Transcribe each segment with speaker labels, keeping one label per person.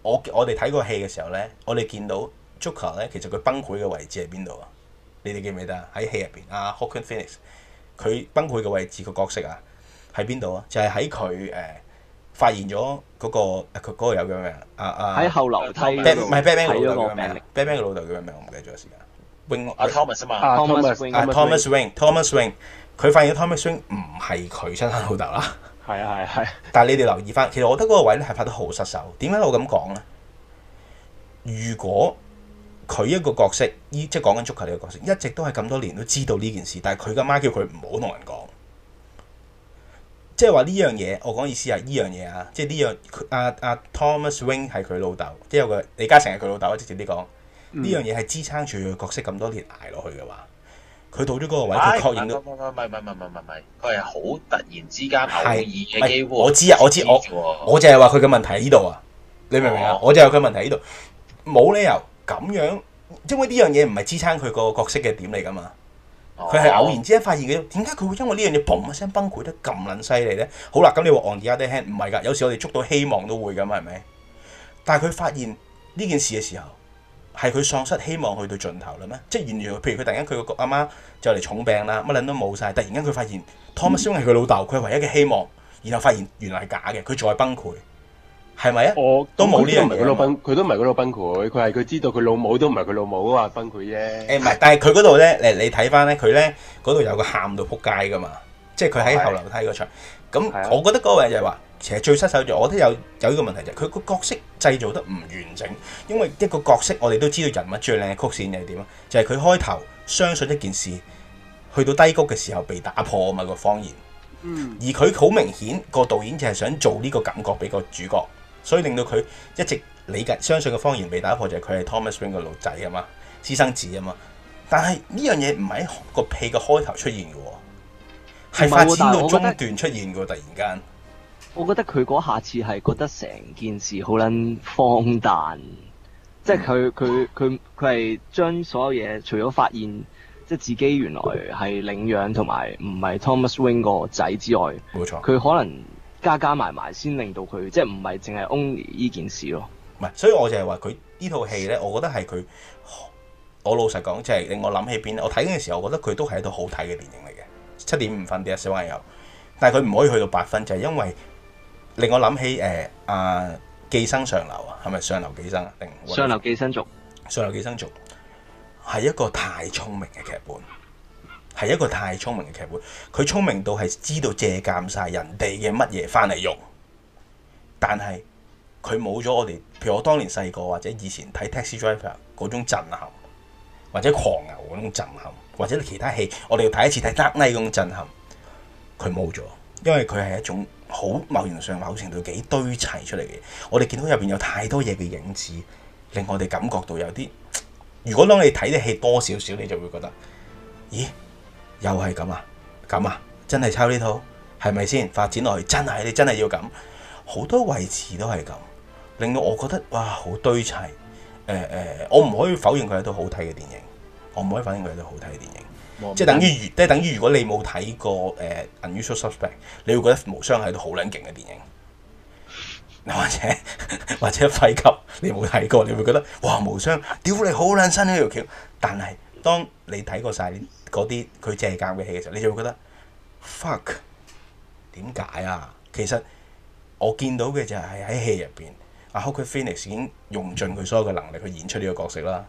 Speaker 1: 我我哋睇個戲嘅時候咧，我哋見到 Joker 咧，其實佢崩潰嘅位置喺邊度啊？你哋記唔記得喺戲入邊啊？Hawkins Phoenix 佢崩潰嘅位置個角色啊，喺邊度啊？就係喺佢誒發現咗嗰個佢嗰個有叫咩啊啊？喺後樓梯，唔係 Batman 嘅老豆叫咩名 Batman 嘅老豆叫咩名？我唔記咗時間。Wing，Thomas 啊嘛 Thomas Wing，Thomas Wing。佢發現 Thomas Wayne 唔係佢親生老豆啦。係啊，係係。但係你哋留意翻，其實我覺得嗰個位咧係拍得好失手。點解我咁講咧？如果佢一個角色，依即係講緊足球嘅角色，一直都係咁多年都知道呢件事，但係佢媽叫佢唔好同人講。即係話呢樣嘢，我講意思係呢樣嘢啊！即、啊、係呢樣阿阿 Thomas Wayne 係佢老豆，即係個李嘉誠係佢老豆啊！直接啲講，呢樣嘢係支撐住佢角色咁多年
Speaker 2: 捱落去嘅話。
Speaker 1: 佢到咗嗰個位，佢係確認到。唔係唔係唔係
Speaker 2: 唔係唔係佢係好突然之間偶然嘅機會。我知啊，我知，我，知，
Speaker 1: 我，知我，我淨係話佢嘅問題喺呢度啊！你明唔、哦、明啊？我淨係佢問題喺呢度，冇理由咁樣，因為呢樣嘢唔係支撐佢個角色嘅點嚟噶嘛。佢係偶然之間發現嘅，點解佢會因為呢樣嘢嘣一聲崩潰得咁撚犀利咧？好啦，咁你話 on the other hand 唔係噶，有時我哋捉到希望都會咁係咪？但係佢發現呢件事嘅時候。係佢喪失希望去到盡頭嘞咩？即係完全，譬如佢突然間佢個阿媽就嚟重病啦，乜撚都冇晒。突然間佢發現 Thomas Wayne 係佢老豆，佢、嗯、唯一嘅希望，然後發現原來係假嘅，佢再崩潰，係咪啊？我都冇呢個，佢都唔係佢老崩，佢都唔係佢崩潰，佢係佢知道佢老母都唔係佢老母，啊話崩潰啫。誒唔係，但係佢嗰度咧， 你睇翻咧，佢咧嗰度有個喊到撲街噶嘛，即係佢喺後樓梯嗰場。咁 我覺得嗰個人嘢話。其實最失手就，我都有有呢個問題就是，佢個角色製造得唔完整。因為一個角色，我哋都知道人物最靚嘅曲線係點啊？就係佢開頭相信一件事，去到低谷嘅時候被打破啊嘛個謊言。而佢好明顯，個導演就係想做呢個感覺俾個主角，所以令到佢一直理解相信個謊言被打破就是是，就係佢係 Thomas Wayne 嘅老仔啊嘛，私生子啊嘛。但係呢樣嘢唔係喺個戲嘅開頭出現嘅，
Speaker 2: 係發展到中
Speaker 1: 段出現嘅，突然間、啊。
Speaker 2: 我覺得佢嗰下次係覺得成件事好捻荒誕，即係佢佢佢佢係將所有嘢除咗發現即係自己原來係領養同埋唔係 Thomas Wayne 個仔之外，冇錯，佢可能加加埋埋先令到佢即係唔係淨係 only 呢件事咯。唔係，所以我就係話佢呢套戲咧，我覺得係佢
Speaker 1: 我老實講，即係令我諗起邊。我睇嘅時候，我覺得佢都係一套好睇嘅電影嚟嘅，七點五分俾啊小朋友，但係佢唔可以去到八分，就係因為。令我諗起誒，阿、呃啊、寄生上流啊，係咪上流寄生？定上流寄生族，上流寄生族係一個太聰明嘅劇本，係一個太聰明嘅劇本。佢聰明到係知道借鑒晒人哋嘅乜嘢翻嚟用，但係佢冇咗我哋。譬如我當年細個或者以前睇 Taxi Driver 嗰種震撼，或者狂牛嗰種震撼，或者其他戲，我哋要睇一次睇得嗰種震撼，佢冇咗，因為佢係一種。好，某程度上，某程度幾堆砌出嚟嘅。我哋見到入邊有太多嘢嘅影子，令我哋感覺到有啲。如果當你睇啲戲多少少，你就會覺得，咦，又係咁啊，咁啊，真係抄呢套，係咪先？發展落去真係，你真係要咁。好多位置都係咁，令到我覺得哇，好堆砌。誒、呃、誒、呃，我唔可以否認佢係一套好睇嘅電影，我唔可以否認佢係一套好睇嘅電影。即係等於如，即係等於如果你冇睇過誒《Unusual、呃、Suspect 》，你會覺得無雙係一部好卵勁嘅電影。或者或者廢級，你冇睇過，你會覺得哇無雙，屌你好卵新呢條橋。但係當你睇過晒嗰啲佢借鑑嘅戲嘅時候，你就會覺得 fuck，點解啊？其實我見到嘅就係喺戲入邊，啊，Joaquin Phoenix 已經用盡佢所有嘅能力去演出呢個角色啦，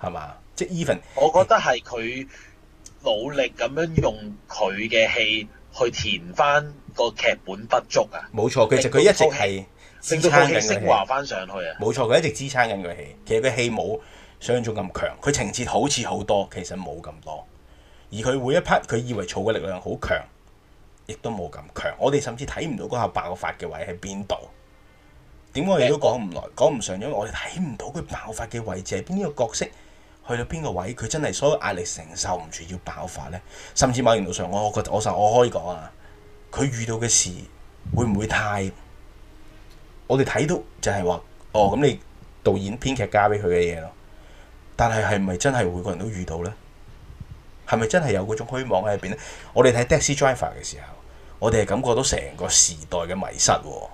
Speaker 1: 係嘛？
Speaker 2: 即係 even，我覺得係佢。努力咁樣用佢嘅戲去填翻個劇本不足啊！冇錯，其實佢一直係升到好戲升華翻上去啊！冇
Speaker 1: 錯，佢一直支撐緊佢戲。其實佢戲冇想象中咁強，佢情節好似好多，其實冇咁多。而佢每一 part，佢以為儲嘅力量好強，亦都冇咁強。我哋甚至睇唔到嗰下爆發嘅位喺邊度。點解我哋都講唔來，講唔上，因為我哋睇唔到佢爆發嘅位置喺邊個角色。去到邊個位，佢真係所有壓力承受唔住要爆發呢？甚至某程度上，我我覺得我，我可以講啊，佢遇到嘅事會唔會太？我哋睇到就係話，哦咁你導演編劇加俾佢嘅嘢咯，但係係咪真係每個人都遇到呢？係咪真係有嗰種虛妄喺入邊咧？我哋睇 Taxi Driver 嘅時候，我哋係感覺到成個時代嘅迷失喎。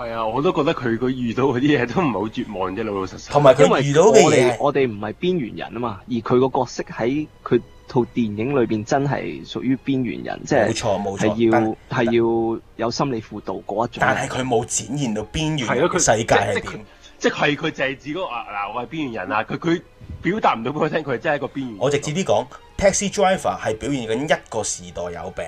Speaker 2: 係啊，我都覺得佢佢遇到嗰啲嘢都唔係好絕望啫，老老實實。同埋佢遇到嘅嘢，我哋唔係邊緣人啊嘛，而佢個角色喺佢套電影裏邊真係屬於邊緣人，即係冇錯冇錯，係要係要有心理輔導嗰一種。但係佢冇展
Speaker 1: 現到邊緣世界係點、
Speaker 2: 啊，即係佢就係指嗰、嗰個嗱、啊，我係邊緣人啊！佢佢表達唔
Speaker 1: 到俾佢聽，佢真係一個邊緣人。我直接啲講，Taxi Driver 係表現緊一個時代有病。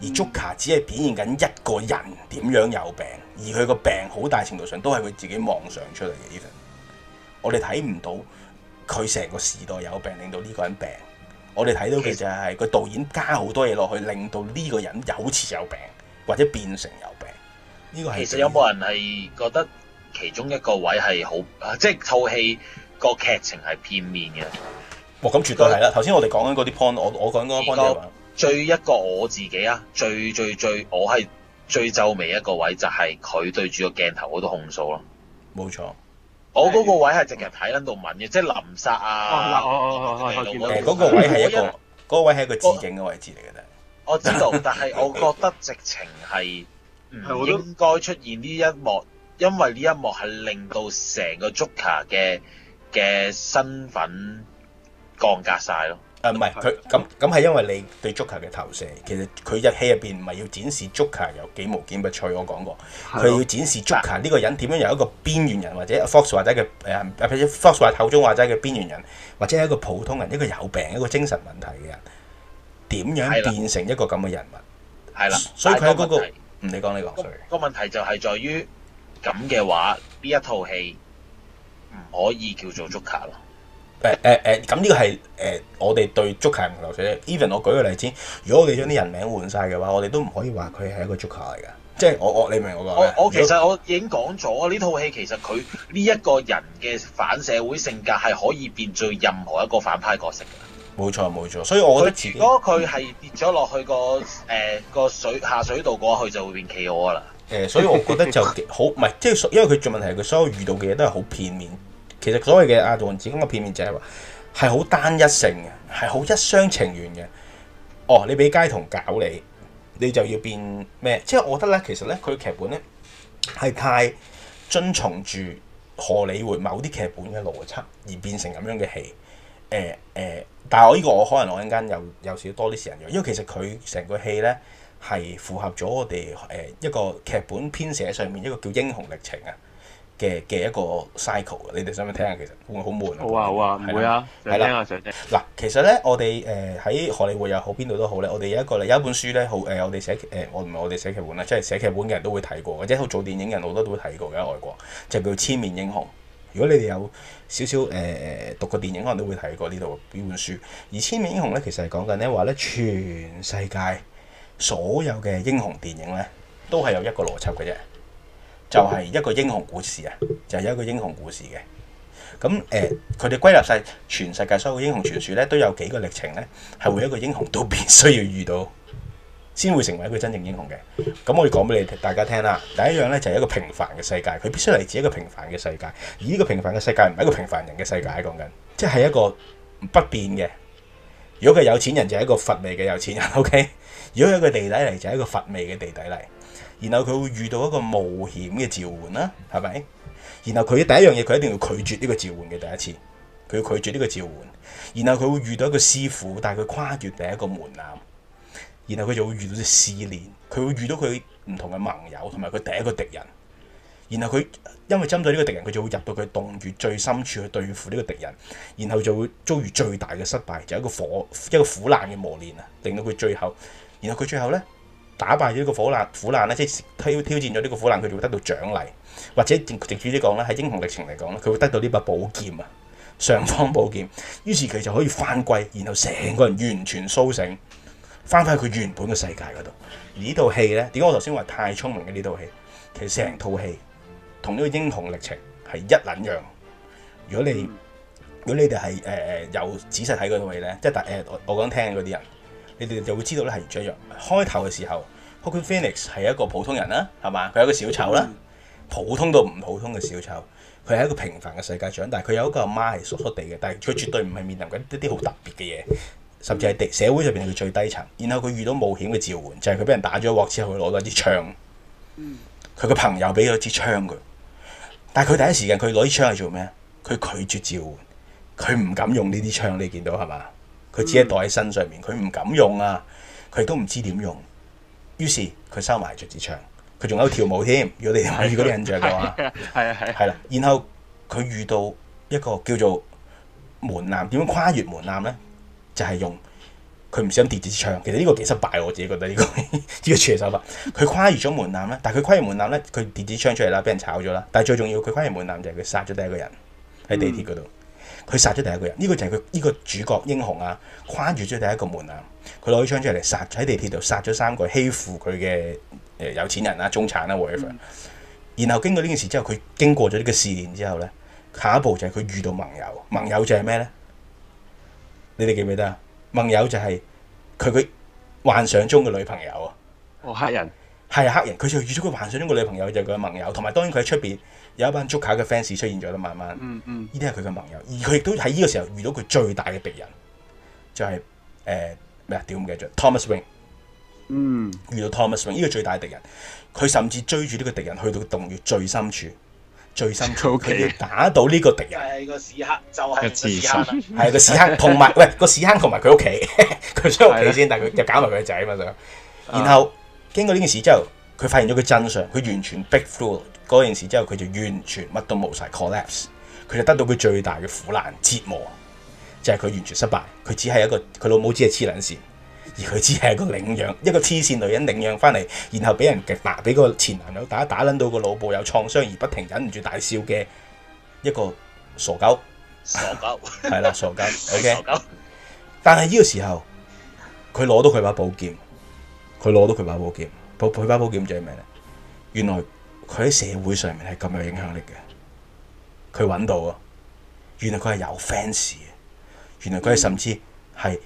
Speaker 1: 而 Joker 只係表現緊一個人點樣有病，而佢個病好大程度上都係佢自己妄想出嚟嘅。呢 v 我哋睇唔到佢成個時代有病，令到呢個人病。我哋睇到嘅就係個導演加好多嘢落去，令到
Speaker 2: 呢個人有似有病，或者變成有病。
Speaker 1: 呢個其實
Speaker 2: 有冇人係覺得其中一個位係好？即係套戲個劇情係片面嘅。哇、哦！咁絕對係啦。頭先、那個、我哋講緊嗰啲 point，我我講嗰、那個 point、那個那個最一個我自己啊，最最最，我係最皺眉一個位，就係、是、佢對住個鏡頭嗰度控訴咯。冇錯，我嗰錯個位係成日睇喺度問嘅，即係林殺啊，嗰個位係一個，嗰 位係一個致敬嘅位置嚟嘅啫。我，我知道，但係我覺得直情係唔應該出現呢一幕， 因為呢一幕係令到成個 Joker 嘅嘅身份降格晒咯。唔係佢咁咁，係因為你對 Joker 嘅投射，其實佢
Speaker 1: 隻戲入邊唔係要展示 Joker 有幾無堅不摧，我講過，佢要展示 Joker 呢個人點樣由一個邊緣人或者 Fox 或者嘅誒，或者 Fox 話口中話齋嘅邊緣人，或者係一個普通人，一個有病一個精神問題嘅人，點樣變成一個咁嘅人物？
Speaker 2: 係啦了，所以佢嗰個唔理講呢個。個問題就係在於咁嘅話，呢一套戲唔可以叫做 Joker 咯。誒誒誒，
Speaker 1: 咁呢、呃呃、個係誒、呃、我哋對足球唔同流水 Even 我舉個例子，如果我哋將啲人名換晒嘅話，我哋都唔可以話佢係一個足球嚟噶。即係我我你明我話咩我,我其實果我
Speaker 2: 已經講咗，呢套戲其實佢呢一個人嘅反社會性格係可以變做任何一個反派角色噶。
Speaker 1: 冇錯冇錯，所以我覺得如果佢係
Speaker 2: 跌咗落去個誒個水下水道過去，就會變企鵝噶啦。誒、 呃，所以我覺
Speaker 1: 得就好唔係，即係因為佢做問題係佢所有遇到嘅嘢都係好片面。其實所謂嘅阿杜汶子宮嘅片面就係話係好單一性嘅，係好一廂情願嘅。哦，你俾街童搞你，你就要變咩？即、就、係、是、我覺得咧，其實咧佢劇本咧係太遵從住荷里活某啲劇本嘅邏輯而變成咁樣嘅戲。誒、呃、誒、呃，但係我呢個我可能我陣間有又少多啲時間，因為其實佢成個戲咧係符合咗我哋誒、呃、一個劇本編寫上面一個叫英雄歷程啊。嘅嘅一個 cycle，你哋想唔想聽下？其實會唔會好悶啊？好啊好啊，唔會啊！啊想聽啊想聽。嗱，其實咧，我哋誒喺荷里活又好，邊度都好咧，我哋有一個咧，有一本書咧，好誒，我哋寫誒、呃，我唔係、呃、我哋寫劇本啦，即係寫劇本嘅人都會睇過或者好做電影嘅人好多都睇過嘅喺外國，就叫《千面英雄》。如果你哋有少少誒誒、呃、讀過電影，可能都會睇過呢度呢本書。而《千面英雄》咧，其實係講緊咧話咧，全世界所有嘅英雄電影咧，都係有一個邏輯嘅啫。就係一個英雄故事啊，就係、是、一個英雄故事嘅。咁誒，佢、呃、哋歸納晒全世界所有英雄傳說咧，都有幾個歷程咧，係每一個英雄都必須要遇到，先會成為一個真正英雄嘅。咁我哋講俾你大家聽啦。第一樣咧就係、是、一個平凡嘅世界，佢必須嚟自一個平凡嘅世界。而呢個平凡嘅世界唔係一個平凡人嘅世界，講緊即係一個不變嘅。如果佢有錢人就係一個乏味嘅有錢人，OK。如果係一個地底嚟就係、是、一個乏味嘅地底嚟。然後佢會遇到一個冒險嘅召喚啦，係咪？然後佢第一樣嘢佢一定要拒絕呢個召喚嘅第一次，佢要拒絕呢個召喚。然後佢會遇到一個師傅，但係佢跨越第一個門檻。然後佢就會遇到啲試煉，佢會遇到佢唔同嘅盟友，同埋佢第一個敵人。然後佢因為針對呢個敵人，佢就會入到佢洞穴最深處去對付呢個敵人。然後就會遭遇最大嘅失敗，就係一個火一個苦難嘅磨練啊，令到佢最後，然後佢最後咧。打敗咗呢個苦難，苦難咧，即挑挑戰咗呢個苦難，佢就會得到獎勵，或者直直接講咧，喺英雄歷程嚟講咧，佢會得到呢把寶劍啊，尚方寶劍，於是佢就可以返歸，然後成個人完全甦醒，翻返去佢原本嘅世界嗰度。而呢套戲咧，點解我頭先話太聰明嘅呢套戲？其實成套戲同呢個英雄歷程係一撚樣。如果你如果你哋係誒誒有仔細睇嗰位咧，即係誒、呃、我我講聽嗰啲人。你哋就會知道咧係點樣。開頭嘅時候，Joaquin Phoenix 係一個普通人啦，係嘛？佢係一個小丑啦，普通到唔普通嘅小丑。佢係一個平凡嘅世界長，但係佢有一個阿媽係叔叔地嘅。但係佢絕對唔係面臨緊一啲好特別嘅嘢，甚至係地社會入邊嘅最低層。然後佢遇到冒險嘅召喚，就係佢俾人打咗一鑊之後，佢攞咗支槍。佢個朋友俾咗支槍佢，但係佢第一時間佢攞支槍係做咩？佢拒絕召喚，佢唔敢用呢啲槍。你見到係嘛？佢只係袋喺身上面，佢唔敢用啊！佢都唔知點用，於是佢收埋住支槍，佢仲有跳舞添。如果你諗住嗰啲印象嘅話，係啊係啊，係啦。然後佢遇到一個叫做門檻，點樣跨越門檻咧？就係、係、用佢唔想跌支槍。其實呢個幾失敗，我自己覺得呢、這個呢 個處理手法。佢跨越咗門檻咧，但係佢跨越門檻咧，佢跌支槍出嚟啦，俾人炒咗啦。但係最重要，佢跨越門檻就係佢殺咗第一個人喺地鐵嗰度。嗯佢殺咗第一個人，呢個就係佢呢個主角英雄啊，跨住咗第一個門啊，佢攞起槍出嚟殺，喺地鐵度殺咗三個欺負佢嘅誒有錢人啊，中產啊 whatever 然後經過呢件事之後，佢經過咗呢個試驗之後咧，下一步就係佢遇到盟友，盟友就係咩咧？你哋記唔記得啊？盟友就係佢佢幻想中嘅女朋友啊！哦，黑人。係黑人，佢就遇咗佢幻想中個女朋友就佢嘅盟友，同埋當然佢喺出邊有一班足球嘅 fans 出現咗啦，慢慢，呢啲係佢嘅盟友，而佢亦都喺呢個時候遇到佢最大嘅敵人，就係誒咩啊？點、呃、唔記得？Thomas Wing，嗯，遇到 Thomas Wing 呢個最大敵人，佢甚至追住呢個敵人去到個洞穴最深處、最深處，佢要打到呢個敵人。係、這個屎坑、就是，就係個屎坑，係個屎坑，同埋 喂個屎坑，同埋佢屋企，佢 出屋企先，但係佢又搞埋佢個仔嘛就，然後,然後。 經過呢件事之後，佢發現咗佢真相，佢完全逼 through 嗰件事之後，佢就完全乜都冇晒 collapse，佢就得到佢最大嘅苦難折磨，就係、是、佢完全失敗，佢只係一個佢老母只係黐捻線，而佢只係一個領養一個黐線女人領養翻嚟，然後俾人打俾個前男友打打捻到個腦部有創傷而不停忍唔住大笑嘅一個傻狗，傻狗係啦， 傻狗 OK，但係呢個時候佢攞到佢把寶劍。佢攞到佢把寶劍，佢把寶劍就係咩咧？原來佢喺社會上面係咁有影響力嘅，佢揾到啊！原來佢係有 fans 嘅，原來佢甚至係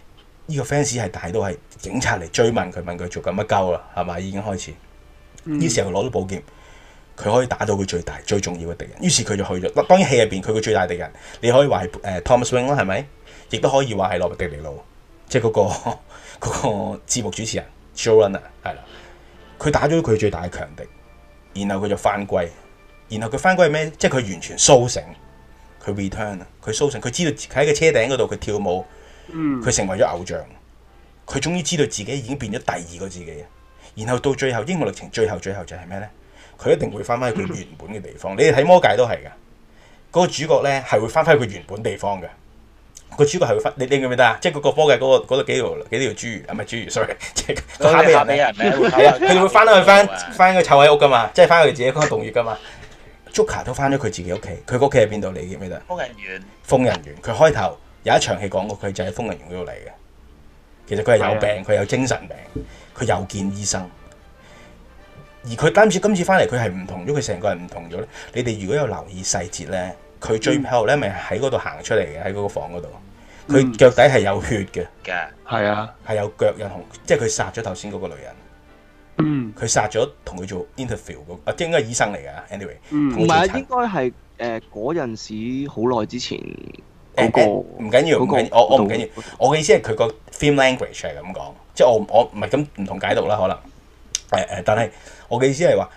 Speaker 1: 呢個 fans 係大到係警察嚟追問佢，問佢做緊乜鳩啊，係咪？已經開始呢時候佢攞到寶劍，佢可以打到佢最大最重要嘅敵人。於是佢就去咗，當然戲入邊佢嘅最大敵人，你可以話係誒 Thomas Wing 啦，係咪？亦都可以話係羅拔迪尼路，即係嗰個嗰個節目主持人。j o w r n 啊，係啦，佢打咗佢最大嘅強敵，然後佢就返歸，然後佢返歸係咩？即係佢完全甦醒，佢 return，佢甦醒，佢知道喺個車頂嗰度佢跳舞，佢成為咗偶像，佢終於知道自己已經變咗第二個自己，然後到最後《英雄歷程》最後最後就係咩咧？佢一定會翻返去佢原本嘅地方，你哋睇魔戒都係噶，嗰、嗰個主角咧係會翻返去佢原本地方嘅。個主角係會翻，你你記唔記得啊？即係嗰個科嘅嗰度嗰度幾條幾條豬，唔係豬魚，魚，sorry，即係嚇人咩？佢 會翻返去翻翻個臭鬼屋噶嘛？即係翻佢自己嗰個洞穴噶嘛 Joker 都翻咗佢自己屋企，佢屋企喺邊度嚟嘅？記得啊？瘋人
Speaker 2: 院。
Speaker 1: 瘋人院，佢開頭有一場戲講過，佢就喺瘋人院度嚟嘅。其實佢係有病，佢 有精神病，佢又見醫生。而佢今次今次翻嚟，佢係唔同咗，佢成個人唔同咗咧。你哋如果有留意細節咧？佢最後咧，咪喺嗰度行出嚟嘅，喺嗰個房嗰度，佢腳底係有血嘅，
Speaker 2: 嘅
Speaker 1: 係啊，係有腳印，即係佢殺咗頭先嗰個女人，嗯，佢殺咗同佢做 interview 嗰，啊，即係應該係醫生嚟嘅，anyway，
Speaker 2: 唔係啊，應該係誒嗰陣時好耐之前，誒唔緊要，唔緊、呃呃那個、我我唔緊要，
Speaker 1: 我嘅裡意思係佢個 theme language 係
Speaker 2: 咁講，
Speaker 1: 即係我我唔係咁唔同解讀啦，可能，誒誒，但係我嘅意思係話。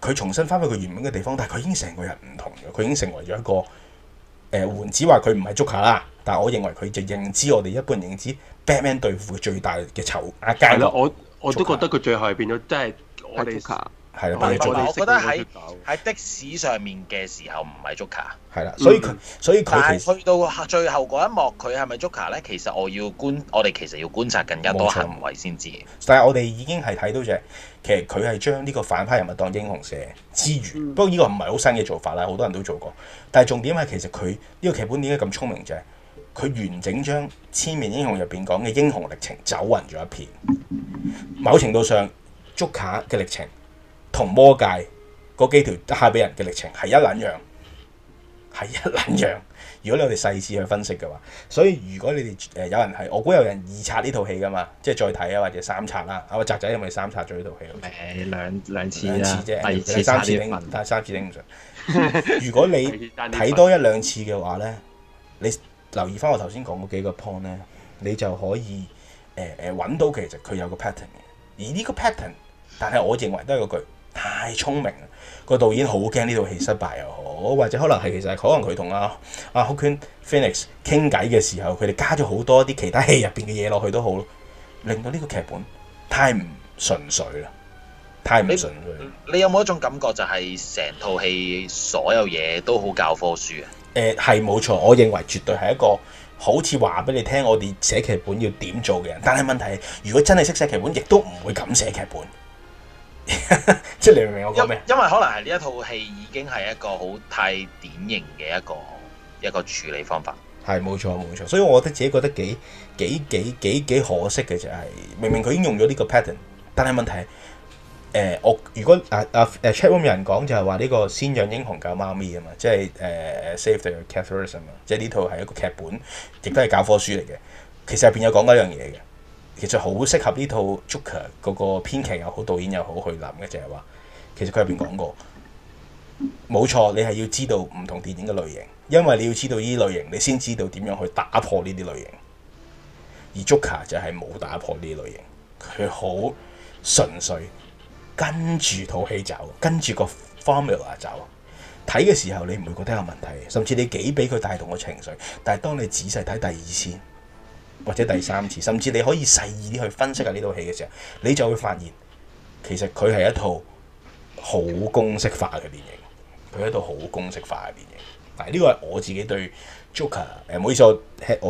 Speaker 1: 佢重新翻去佢原本嘅地方，但係佢已經成個人唔同嘅，佢已經成為咗一個呃，換句話佢唔係 Joker 啦，er, 但我認為佢就認知我哋一般認知 Batman 對付嘅最大嘅仇家。係、啊、我我都覺得佢最後係變咗，即係是我哋們。係我覺得喺
Speaker 2: 喺的，的士上面嘅時候唔係 Joker，係啦，所以佢，嗯、所以佢。但係去到最後嗰一幕，佢係咪 Joker c 咧？其實我要觀，我哋其實要觀察更加多行為先
Speaker 1: 知。但係我哋已經係睇到啫，其實佢係將呢個反派人物當英雄寫之餘，嗯、不過呢個唔係好新嘅做法啦，好多人都做過。但係重點係其實佢呢，呢個劇本點解咁聰明啫？佢完整將《千面英雄》入邊講嘅英雄歷程走勻咗一片，某程度上 Joker 嘅歷程。同魔界嗰幾條下俾人嘅歷程係一撚樣，係一撚樣。如果你哋細緻去分析嘅話，所以如果你哋誒有人係，我估有人二刷呢套戲噶嘛，即係再睇啊，或者三刷啦。阿、啊、澤、呃、仔係咪、嗯、三刷咗呢套戲？誒，兩兩次啦，次第二次但係三次頂唔上。如果你睇多一兩次嘅話咧，你留意翻我頭先講嗰幾個 point 咧，你就可以誒誒揾到其實佢有個 pattern 嘅。而呢個 pattern，但係我認為都係嗰句。太聰明啦！個導演好驚呢套戲失敗又好、哦，或者可能係其實可能佢同阿阿 Joaquin Phoenix 傾偈嘅時候，佢哋加咗好多啲其他戲入邊嘅嘢落去都好，令到呢個劇本太唔純粹啦，太唔純
Speaker 2: 粹。你有冇一種感覺就係成套戲所有嘢都好教科書啊？
Speaker 1: 誒、呃，係冇錯，我認為絕對係一個好似話俾你聽，我哋寫劇本要點做嘅人。但係問題如果真係識寫劇本，亦都唔會咁寫劇本。即係你明唔明我講咩？因
Speaker 2: 為可能係呢一套戲已經係一個好太典型嘅一個一個處理方法，
Speaker 1: 係冇錯冇錯。所以我覺得自己覺得幾幾幾幾幾可惜嘅就係，明明佢已經用咗呢個 pattern，但係問題誒、呃，我如果啊啊誒、啊、Chatroom 人講就係話呢個先養英雄救貓咪啊嘛，即係誒、呃、save the cat first 啊嘛，即係呢套係一個劇本，亦都係教科書嚟嘅。其實入邊有講一樣嘢嘅。其實好適合呢套《Joker》嗰個編劇又好，導演又好去諗嘅，就係話其實佢入邊講過，冇錯，你係要知道唔同電影嘅類型，因為你要知道呢類型，你先知道點樣去打破呢啲類型。而《Joker》就係冇打破呢啲類型，佢好純粹跟住套戲走，跟住個 formula 走。睇嘅時候你唔會覺得有問題，甚至你幾俾佢帶動個情緒。但係當你仔細睇第二次，或者第三次，甚至你可以細緻啲去分析下呢套戲嘅時候，你就會發現其實佢係一套好公式化嘅電影，佢係一套好公式化嘅電影。但係呢個係我自己對 Joker 誒，唔好意思我。